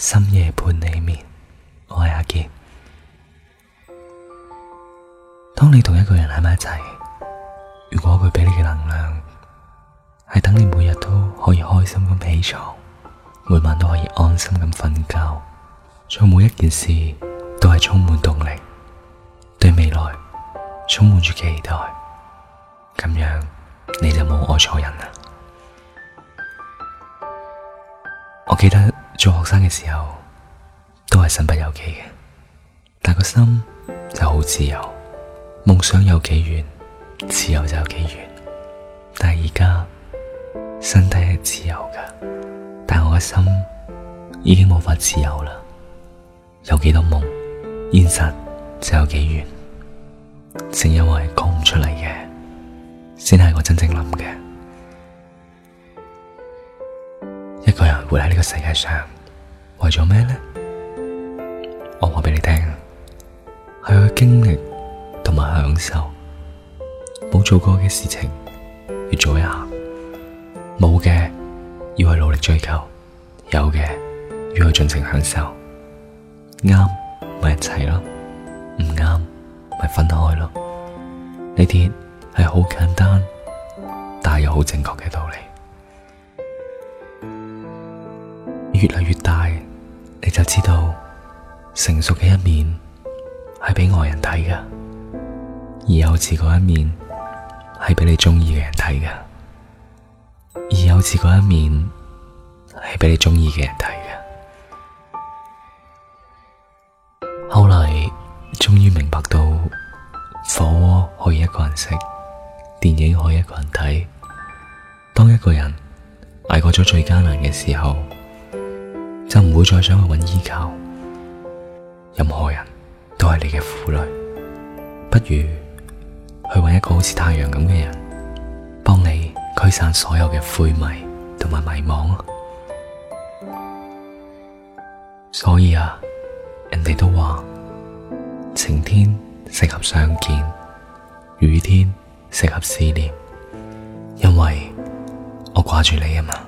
深夜伴你眠，我係阿杰。當你同一個人喺埋一齊，如果佢俾你嘅能量係等你每日都可以開心咁起床，每晚都可以安心咁瞓覺，做每一件事都係充滿動力，對未來充滿住期待，咁樣你就冇愛錯人啦。我記得做學生嘅時候都係身不由己嘅，但個心就好自由。夢想有幾遠，自由就有幾遠。但係而家身體係自由噶，但我嘅心已經無法自由啦。有幾多夢，現實就有幾遠。正因為講唔出嚟嘅，先係我真正諗嘅。活喺呢個世界上，為咗咩咧？我話俾你聽，係去經歷同埋享受。冇做過嘅事情，要做一下；冇嘅要去努力追求，有嘅要去盡情享受。啱咪一齊咯，唔啱咪分開咯。呢啲係好簡單，但又好正確嘅道理。越嚟越大，你就知道成熟嘅一面係俾外人睇㗎，而幼稚嗰一面係俾你中意嘅人睇㗎。而幼稚嗰一面係俾你中意嘅人睇㗎。後來終於明白到，火鍋可以一個人食，電影可以一個人睇。當一個人捱過咗最艱難嘅時候。就唔會再想去揾依靠，任何人都係你嘅負累，不如去揾一個好似太陽咁嘅人，幫你驅散所有嘅灰迷同埋迷茫。所以啊，人哋都話晴天適合相見，雨天適合思念，因為我掛住你啊嘛。